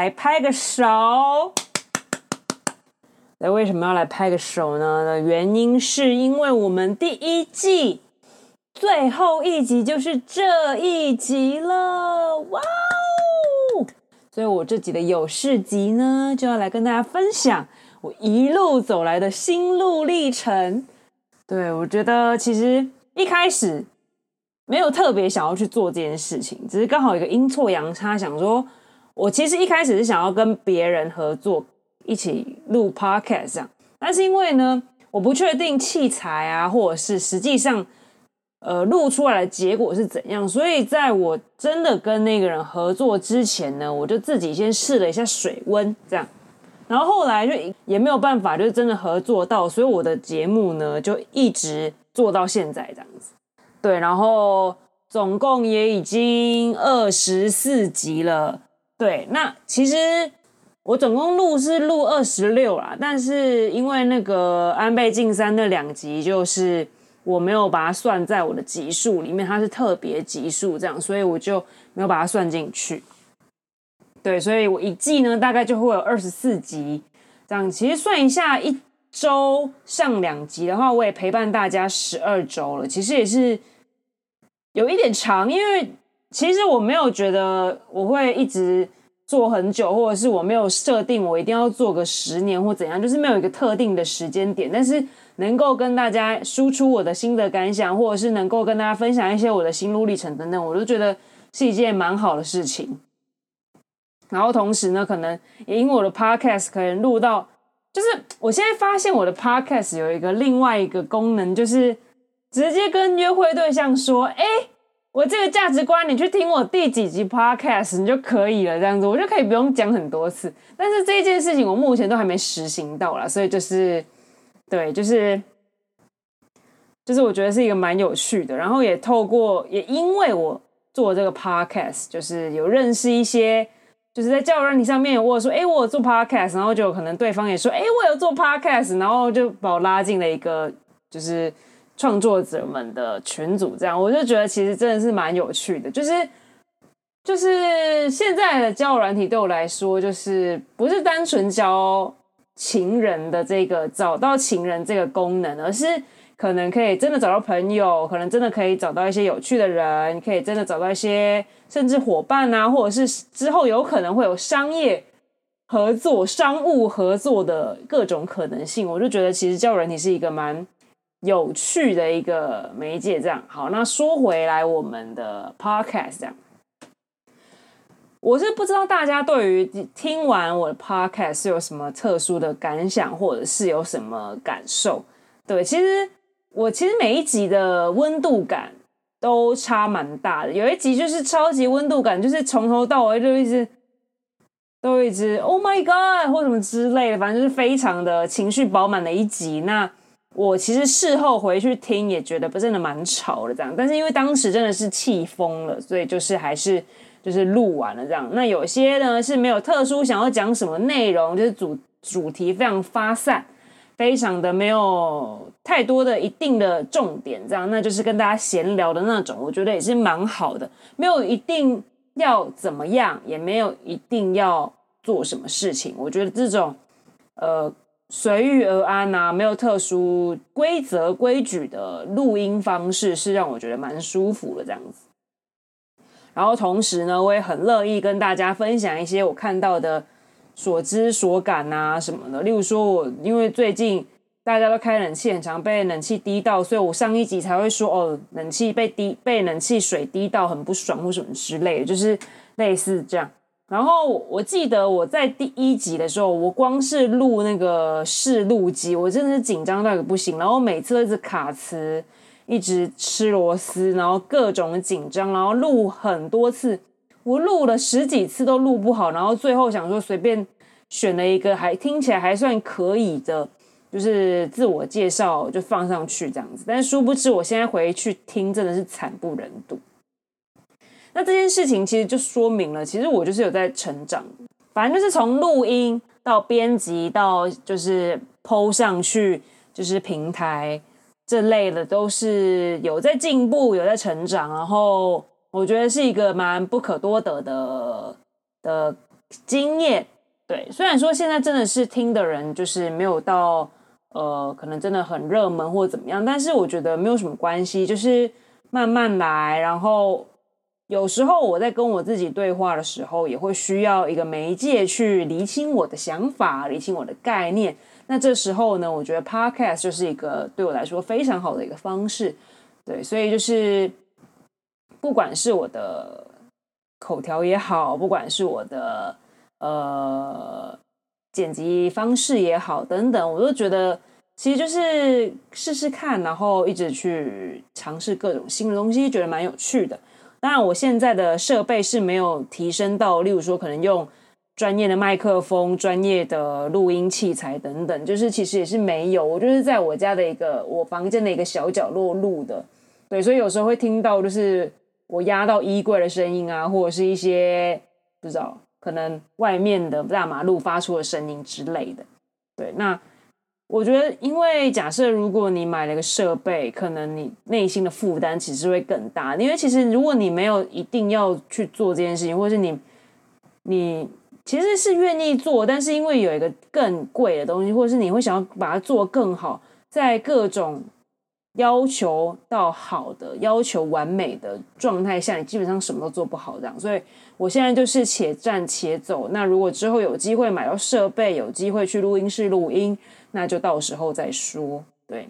來拍個手！那為什麼要來拍個手呢？那原因是因為我們第一季最後一集就是這一集了，哇哦！所以我這集的有事集呢，就要來跟大家分享我一路走來的心路歷程。對，我覺得其實一開始沒有特別想要去做這件事情，只是剛好有一個陰錯陽差，想說。我其實一開始是想要跟別人合作，一起錄 podcast 這樣，但是因為呢，我不確定器材啊，或者是實際上，呃，錄出來的結果是怎樣，所以在我真的跟那個人合作之前呢，我就自己先試了一下水溫這樣，然後後來就也沒有辦法，就是真的合作到，所以我的節目呢，就一直做到現在這樣子，對，然後總共也已經二十四集了。對，那其實我總共錄是錄二十六啦，但是因為那個安倍晉三的兩集，就是我沒有把它算在我的集數裡面，它是特別集數這樣，所以我就沒有把它算進去。對，所以我一季呢大概就會有二十四集這樣。其實算一下，一周上兩集的話，我也陪伴大家十二周了。其實也是有一點長，因為。其實我沒有覺得我會一直做很久，或者是我沒有設定我一定要做個十年或怎樣，就是沒有一個特定的時間點。但是能夠跟大家輸出我的心得感想，或者是能夠跟大家分享一些我的心路歷程等等，我都覺得是一件蠻好的事情。然後同時呢，可能也因為我的 podcast 可能錄到，就是我現在發現我的 podcast 有一個另外一個功能，就是直接跟約會對象說，哎。我這個價值觀，你去聽我第幾集 Podcast，你就可以了。這樣子，我就可以不用講很多次。但是這件事情，我目前都還沒實行到啦，所以就是，對，就是，就是我覺得是一個蠻有趣的。然後也透過，也因為我做這個 Podcast，就是有認識一些，就是在教育上面，我有說，哎、欸，我有做 Podcast，然後就有可能對方也說，哎、欸，我有做 Podcast，然後就把我拉進了一個，就是。創作者們的群組，這樣我就覺得其實真的是蠻有趣的。就是就是現在的交友軟體對我來說，就是不是單純交情人的這個找到情人這個功能，而是可能可以真的找到朋友，可能真的可以找到一些有趣的人，可以真的找到一些甚至夥伴啊，或者是之後有可能會有商業合作、商務合作的各種可能性。我就覺得其實交友軟體是一個蠻，有趣的一個媒介，這樣好。那說回來，我們的 podcast 這樣，我是不知道大家對於聽完我的 podcast 是有什麼特殊的感想，或者是有什麼感受。對，其實我其實每一集的溫度感都差蠻大的，有一集就是超級溫度感，就是從頭到尾就一直都一直，Oh my God，或什麼之類的，反正就是非常的情緒飽滿的一集。那我其實事後回去聽也覺得不真的蠻吵的這樣，但是因為當時真的是氣瘋了，所以就是還是就是錄完了這樣。那有些呢是沒有特殊想要講什麼內容，就是主主題非常發散，非常的沒有太多的一定的重點，這樣那就是跟大家閒聊的那種，我覺得也是蠻好的，沒有一定要怎麼樣，也沒有一定要做什麼事情，我覺得這種呃。隨遇而安吶、啊，沒有特殊規則規矩的錄音方式是讓我覺得蠻舒服的這樣子。然後同時呢，我也很樂意跟大家分享一些我看到的所知所感吶、啊、什麼的。例如說我，我因為最近大家都開冷氣，很常被冷氣滴到，所以我上一集才會說哦，冷氣被滴被冷氣水滴到很不爽，或什麼之類的，就是類似這樣。然後我記得我在第一集的時候，我光是錄那個試錄機，我真的是緊張到不行。然後每次都是卡詞，一直吃螺絲，然後各種緊張，然後錄很多次，我錄了十幾次都錄不好。然後最後想說隨便選了一個還聽起來還算可以的，就是自我介紹就放上去這樣子。但是殊不知我現在回去聽真的是慘不忍睹。那這件事情其實就說明了，其實我就是有在成長。反正就是從錄音到編輯，到就是 Po 上去，就是平台這類的，都是有在進步，有在成長。然後我覺得是一個蠻不可多得的的經驗。對，雖然說現在真的是聽的人就是沒有到呃，可能真的很熱門或怎麼樣，但是我覺得沒有什麼關係，就是慢慢來，然後。有時候我在跟我自己對話的時候，也會需要一個媒介去釐清我的想法、釐清我的概念。那這時候呢，我覺得 Podcast 就是一個對我來說非常好的一個方式。對，所以就是不管是我的口條也好，不管是我的呃剪輯方式也好等等，我都覺得其實就是試試看，然後一直去嘗試各種新的東西，覺得蠻有趣的。當然，我現在的設備是沒有提升到，例如說可能用專業的麥克風、專業的錄音器材等等，就是其實也是沒有，我就是在我家的一個我房間的一個小角落錄的，對，所以有時候會聽到就是我壓到衣櫃的聲音啊，或者是一些不知道可能外面的大馬路發出的聲音之類的，對，那。我覺得，因為假設如果你買了個設備，可能你內心的負擔其實會更大。因為其實如果你沒有一定要去做這件事情，或是你你其實是願意做，但是因為有一個更貴的東西，或者是你會想要把它做更好，在各種要求到好的、要求完美的狀態下，你基本上什麼都做不好。這樣，所以我現在就是且戰且走。那如果之後有機會買到設備，有機會去錄音室錄音。那就到時候再說。對，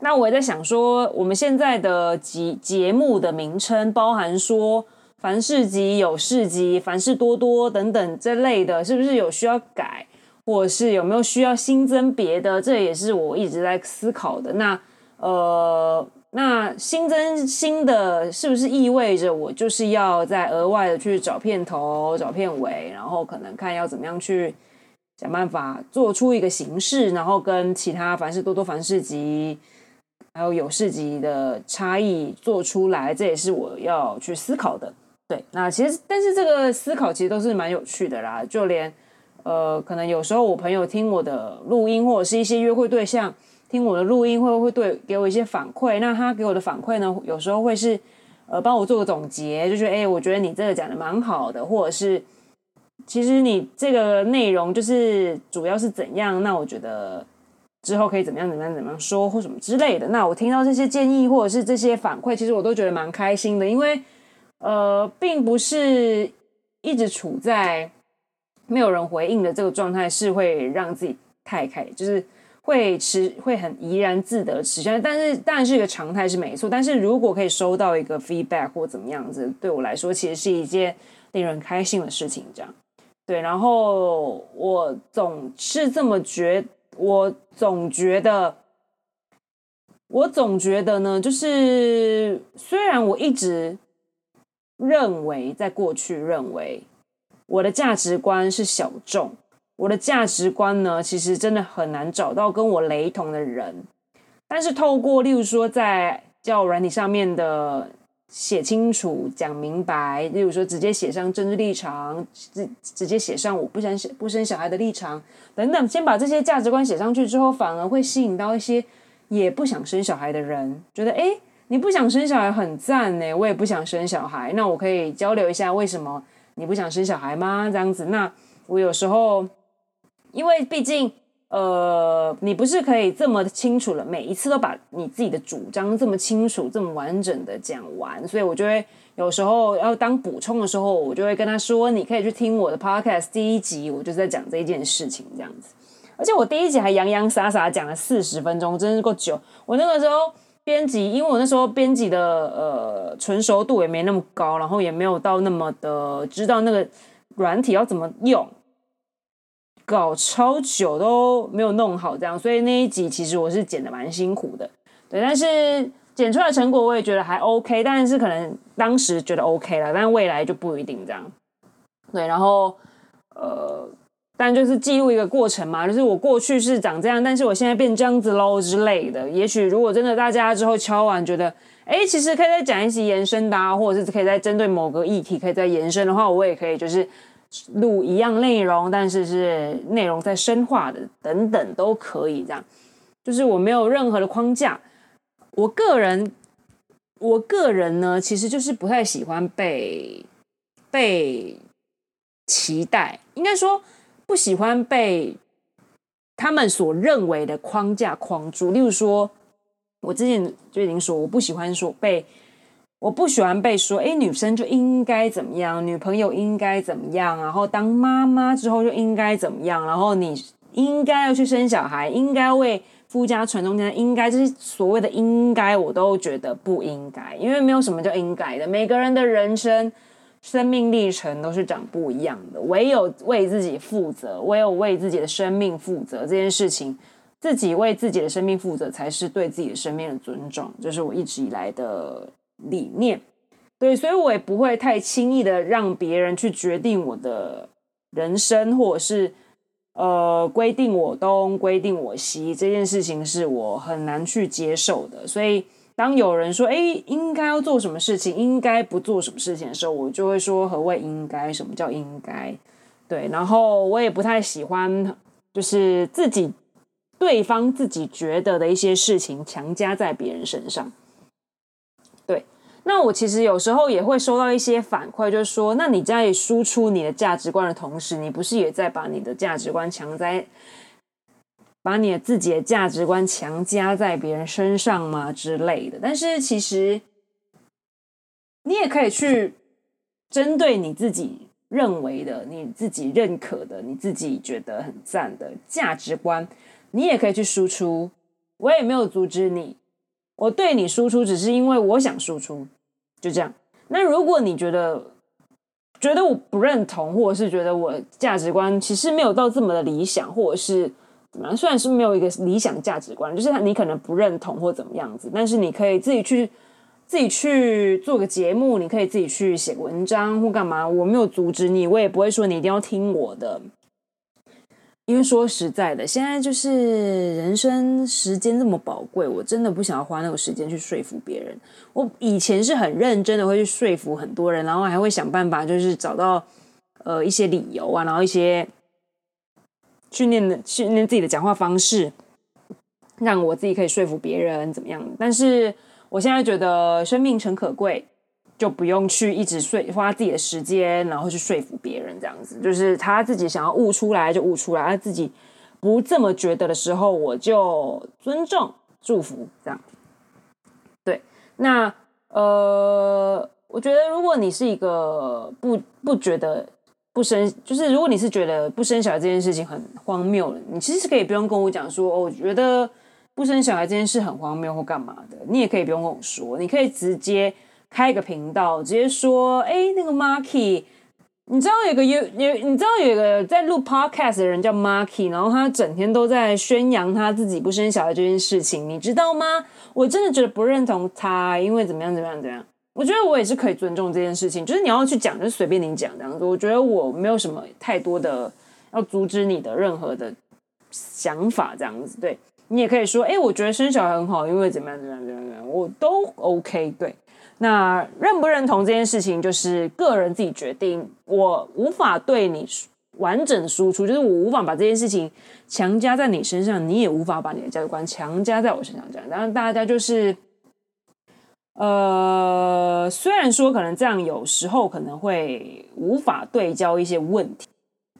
那我也在想說，我們現在的節節目的名稱，包含說凡事集、有事集、凡事多多等等這類的，是不是有需要改，或者是有沒有需要新增別的？這也是我一直在思考的。那呃，那新增新的，是不是意味着我就是要再額外的去找片頭、找片尾，然後可能看要怎麼樣去？想辦法做出一個形式，然後跟其他凡事多多、凡事集還有有事集的差異做出來，這也是我要去思考的。對，那其實但是這個思考其實都是蠻有趣的啦。就連呃，可能有時候我朋友聽我的錄音，或者是一些約會對象聽我的錄音，會不會，會對給我一些反饋。那他給我的反饋呢，有時候會是呃，幫我做個總結，就是誒、欸，我覺得你這個講的蠻好的，或者是。其實你這個內容就是主要是怎樣？那我覺得之後可以怎麼樣、怎麼樣、怎麼樣說或什麼之類的。那我聽到這些建議或者是這些反饋，其實我都覺得蠻開心的，因為呃，並不是一直處在沒有人回應的這個狀態，是會讓自己太開，就是會持會很怡然自得持續，但是當然是一個常態是沒錯，但是如果可以收到一個 feedback 或怎麼樣子，對我來說其實是一件令人開心的事情，這樣。對，然後我總是這麼覺，我總覺得，我總覺得呢，就是雖然我一直認為，在過去認為我的價值觀是小眾，我的價值觀呢，其實真的很難找到跟我雷同的人，但是透過例如說在交友軟體上面的。寫清楚、講明白，例如說直接寫上政治立場，直直接寫上我不想寫不生小孩的立場等等。先把這些價值觀寫上去之後，反而會吸引到一些也不想生小孩的人，覺得誒，你不想生小孩很讚欸，我也不想生小孩，那我可以交流一下為什麼你不想生小孩嗎？這樣子，那我有時候因為畢竟。呃，你不是可以這麼清楚了？每一次都把你自己的主張這麼清楚、這麼完整的講完，所以我就會有時候要當補充的時候，我就會跟他說：“你可以去聽我的 podcast 第一集，我就是在講這一件事情這樣子。”而且我第一集還洋洋灑灑講了四十分鐘，真是夠久。我那個時候編輯，因為我那時候編輯的呃純熟度也沒那麼高，然後也沒有到那麼的知道那個軟體要怎麼用。搞超久都沒有弄好，這樣，所以那一集其實我是剪得蠻辛苦的，對，但是剪出來的成果我也覺得還 OK，但是可能當時覺得 OK 了，但未來就不一定這樣，對，然後呃，但就是記錄一個過程嘛，就是我過去是長這樣，但是我現在變這樣子嘍之類的，也許如果真的大家之後敲完覺得，哎，其實可以再講一集延伸的、啊，或者是可以再針對某個議題可以再延伸的話，我也可以就是。錄一樣內容，但是是內容在深化的，等等都可以這樣。就是我沒有任何的框架。我個人，我個人呢，其實就是不太喜歡被被期待，應該說不喜歡被他們所認為的框架框住。例如說，我之前就已經說，我不喜歡說被。我不喜歡被說，哎，女生就應該怎麼樣，女朋友應該怎麼樣，然後當媽媽之後就應該怎麼樣，然後你應該要去生小孩，應該為夫家傳宗接代，應該這些所謂的應該，我都覺得不應該，因為沒有什麼叫應該的，每個人的人生生命歷程都是長不一樣的，唯有為自己負責，唯有為自己的生命負責這件事情，自己為自己的生命負責才是對自己的生命的尊重，這，就是我一直以來的。理念，對，所以我也不會太輕易的讓別人去決定我的人生，或者是呃規定我東，規定我西，這件事情是我很難去接受的。所以當有人說，哎，應該要做什麼事情，應該不做什麼事情的時候，我就會說，何謂應該？什麼叫應該？對，然後我也不太喜歡，就是自己對方自己覺得的一些事情強加在別人身上。對，那我其實有時候也會收到一些反饋，就是說，那你在輸出你的價值觀的同時，你不是也在把你的價值觀強在，把你的自己的價值觀強加在別人身上嗎？之類的，但是其實你也可以去針對你自己認為的、你自己認可的、你自己覺得很讚的價值觀，你也可以去輸出，我也沒有阻止你。我對你輸出只是因為我想輸出，就這樣。那如果你覺得覺得我不認同，或者是覺得我價值觀其實沒有到這麼的理想，或者是怎麼樣，雖然是沒有一個理想價值觀，就是你可能不認同或怎麼樣子，但是你可以自己去自己去做個節目，你可以自己去寫文章或幹嘛，我沒有阻止你，我也不會說你一定要聽我的。因為說實在的，現在就是人生時間這麼寶貴，我真的不想要花那個時間去說服別人。我以前是很認真的會去說服很多人，然後還會想辦法，就是找到呃一些理由啊，然後一些訓練的訓練自己的講話方式，讓我自己可以說服別人怎麼樣。但是我現在覺得生命誠可貴。就不用去一直說花自己的時間，然後去說服別人這樣子，就是他自己想要悟出來就悟出來，他自己不這麼覺得的時候，我就尊重祝福這樣子。對，那呃，我覺得如果你是一個不不覺得不生，就是如果你是覺得不生小孩這件事情很荒謬的，你其實是可以不用跟我講說、哦，我覺得不生小孩這件事很荒謬或幹嘛的，你也可以不用跟我說，你可以直接，開一個頻道，直接說，哎，那個 Marky，你知道有一個有，你知道有一個在錄 Podcast 的人叫 Marky，然後他整天都在宣揚他自己不生小孩這件事情，你知道嗎？我真的覺得不認同他，因為怎麼樣怎麼樣怎麼樣，我覺得我也是可以尊重這件事情，就是你要去講，就是隨便你講這樣子，我覺得我沒有什麼太多的要阻止你的任何的想法這樣子，對，你也可以說，哎，我覺得生小孩很好，因為怎麼樣怎麼樣怎麼樣，我都 OK，對。那認不認同這件事情，就是個人自己決定。我無法對你完整輸出，就是我無法把這件事情強加在你身上，你也無法把你的價值觀強加在我身上。這樣，當然大家就是，呃，雖然說可能這樣有時候可能會無法對焦一些問題，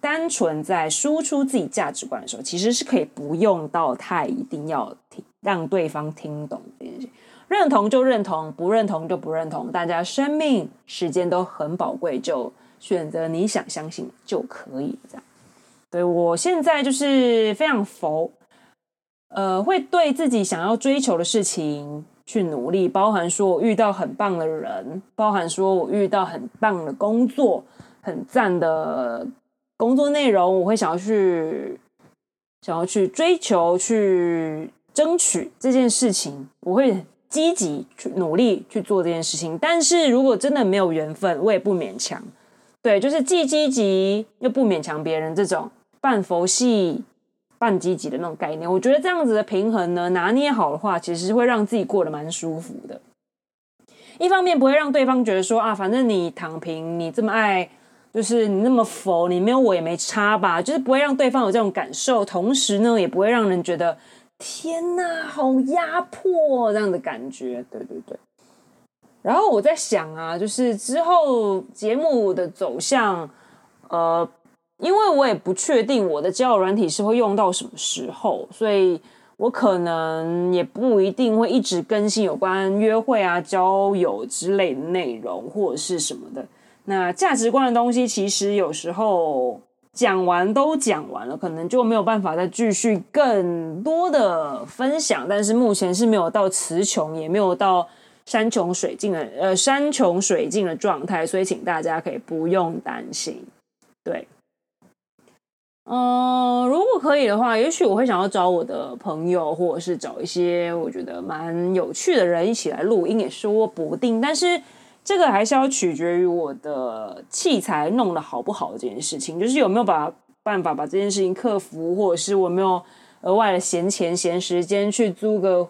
單純在輸出自己價值觀的時候，其實是可以不用到太一定要聽，讓對方聽懂這件事情。認同就認同，不認同就不認同。大家生命時間都很寶貴，就選擇你想相信就可以。這樣。對，我現在就是非常佛，呃，會對自己想要追求的事情去努力，包含說我遇到很棒的人，包含說我遇到很棒的工作，很讚的工作內容，我會想要去，想要去追求、去爭取這件事情，我會。積極去努力去做這件事情，但是如果真的沒有緣分，我也不勉強。對，就是既積極又不勉強別人，這種半佛系、半積極的那種概念，我覺得這樣子的平衡呢，拿捏好的話，其實會讓自己過得蠻舒服的。一方面不會讓對方覺得說啊，反正你躺平，你這麼愛，就是你那麼佛，你沒有我也沒差吧，就是不會讓對方有這種感受。同時呢，也不會讓人覺得。天吶，好壓迫，這樣的感覺，對對對。然後我在想啊，就是之後節目的走向，呃，因為我也不確定我的交友軟體是會用到什麼時候，所以我可能也不一定會一直更新有關約會啊、交友之類的內容或者是什麼的。那價值觀的東西，其實有時候。講完都講完了，可能就沒有辦法再繼續更多的分享，但是目前是沒有到詞窮，也沒有到山窮水盡的，呃山窮水盡的狀態，所以請大家可以不用擔心。對，嗯、呃，如果可以的話，也許我會想要找我的朋友，或者是找一些我覺得蠻有趣的人一起來錄音，也說不定。但是。這個還是要取決於我的器材弄得好不好這件事情，就是有沒有把辦法把這件事情克服，或者是我沒有額外的閒錢、閒時間去租個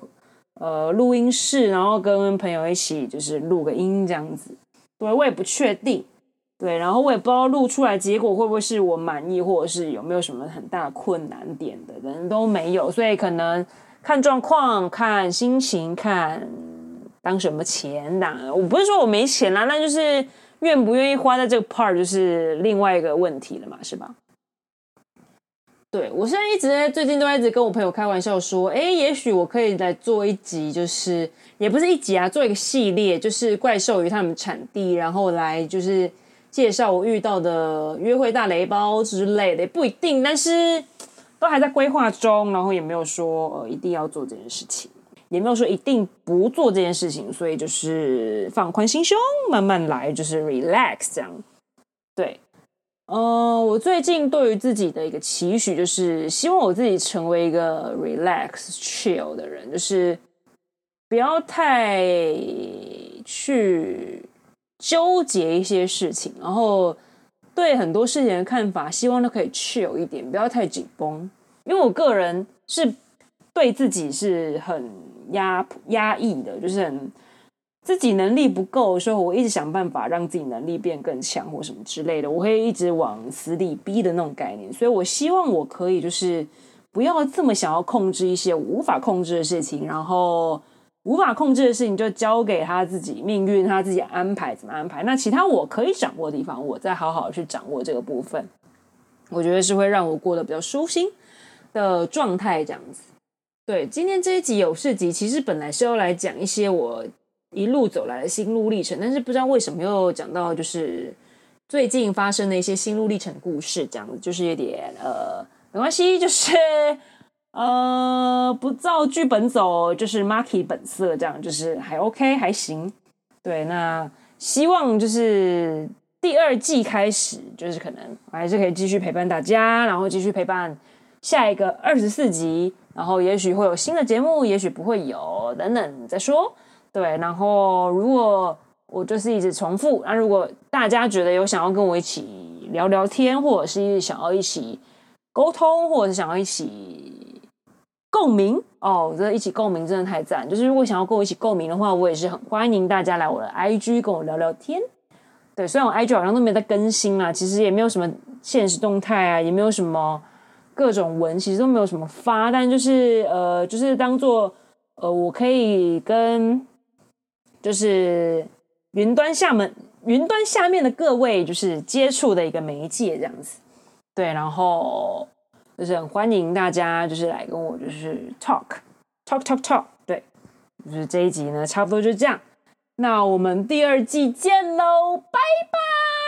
呃錄音室，然後跟朋友一起就是錄個音這樣子。對，我也不確定。對，然後我也不知道錄出來結果會不會是我滿意，或者是有沒有什麼很大困難點的人，人都沒有，所以可能看狀況、看心情、看。當什麼錢黨、啊？我不是說我沒錢啦、啊，那就是願不願意花在這個 part，就是另外一個問題了嘛，是吧？對，我現在一直在，最近都在一直跟我朋友開玩笑說，哎、欸，也許我可以來做一集，就是也不是一集啊，做一個系列，就是怪獸與他們產地，然後來就是介紹我遇到的約會大雷包之類的，也不一定，但是都還在規劃中，然後也沒有說呃一定要做這件事情。也沒有說一定不做這件事情，所以就是放寬心胸，慢慢來，就是 relax 這樣。對，呃，我最近對於自己的一個期許，就是希望我自己成為一個 relax chill 的人，就是不要太去糾結一些事情，然後對很多事情的看法，希望都可以 chill 一點，不要太緊繃。因為我個人是。對自己是很壓壓抑的，就是很自己能力不夠，所以我一直想辦法讓自己能力變更強，或什麼之類的，我會一直往死裡逼的那種概念。所以我希望我可以就是不要這麼想要控制一些我無法控制的事情，然後無法控制的事情就交給他自己命運，他自己安排怎麼安排。那其他我可以掌握的地方，我再好好去掌握這個部分，我覺得是會讓我過得比較舒心的狀態，這樣子。對，今天這一集有事集，其實本來是要來講一些我一路走來的心路歷程，但是不知道為什麼又講到就是最近發生的一些心路歷程故事，這樣子，就是有點呃，沒關係，就是呃不照劇本走，就是 Marky 本色這樣，就是還 OK 還行。對，那希望就是第二季開始，就是可能我還是可以繼續陪伴大家，然後繼續陪伴下一個二十四集。然後也許會有新的節目，也許不會有，等等再說。對，然後如果我就是一直重複，那如果大家覺得有想要跟我一起聊聊天，或者是想要一起溝通，或者是想要一起共鳴，哦，我覺得一起共鳴真的太讚。就是如果想要跟我一起共鳴的話，我也是很歡迎大家來我的 IG 跟我聊聊天。對，雖然我 IG 好像都沒在更新啦，其實也沒有什麼現實動態啊，也沒有什麼。各種文其實都沒有什麼發，但就是呃，就是當做呃，我可以跟就是雲端下門雲端下面的各位就是接觸的一個媒介這樣子，對，然後就是很歡迎大家就是來跟我就是 talk talk talk talk，對，就是這一集呢，差不多就這樣，那我們第二季見嘍，拜拜。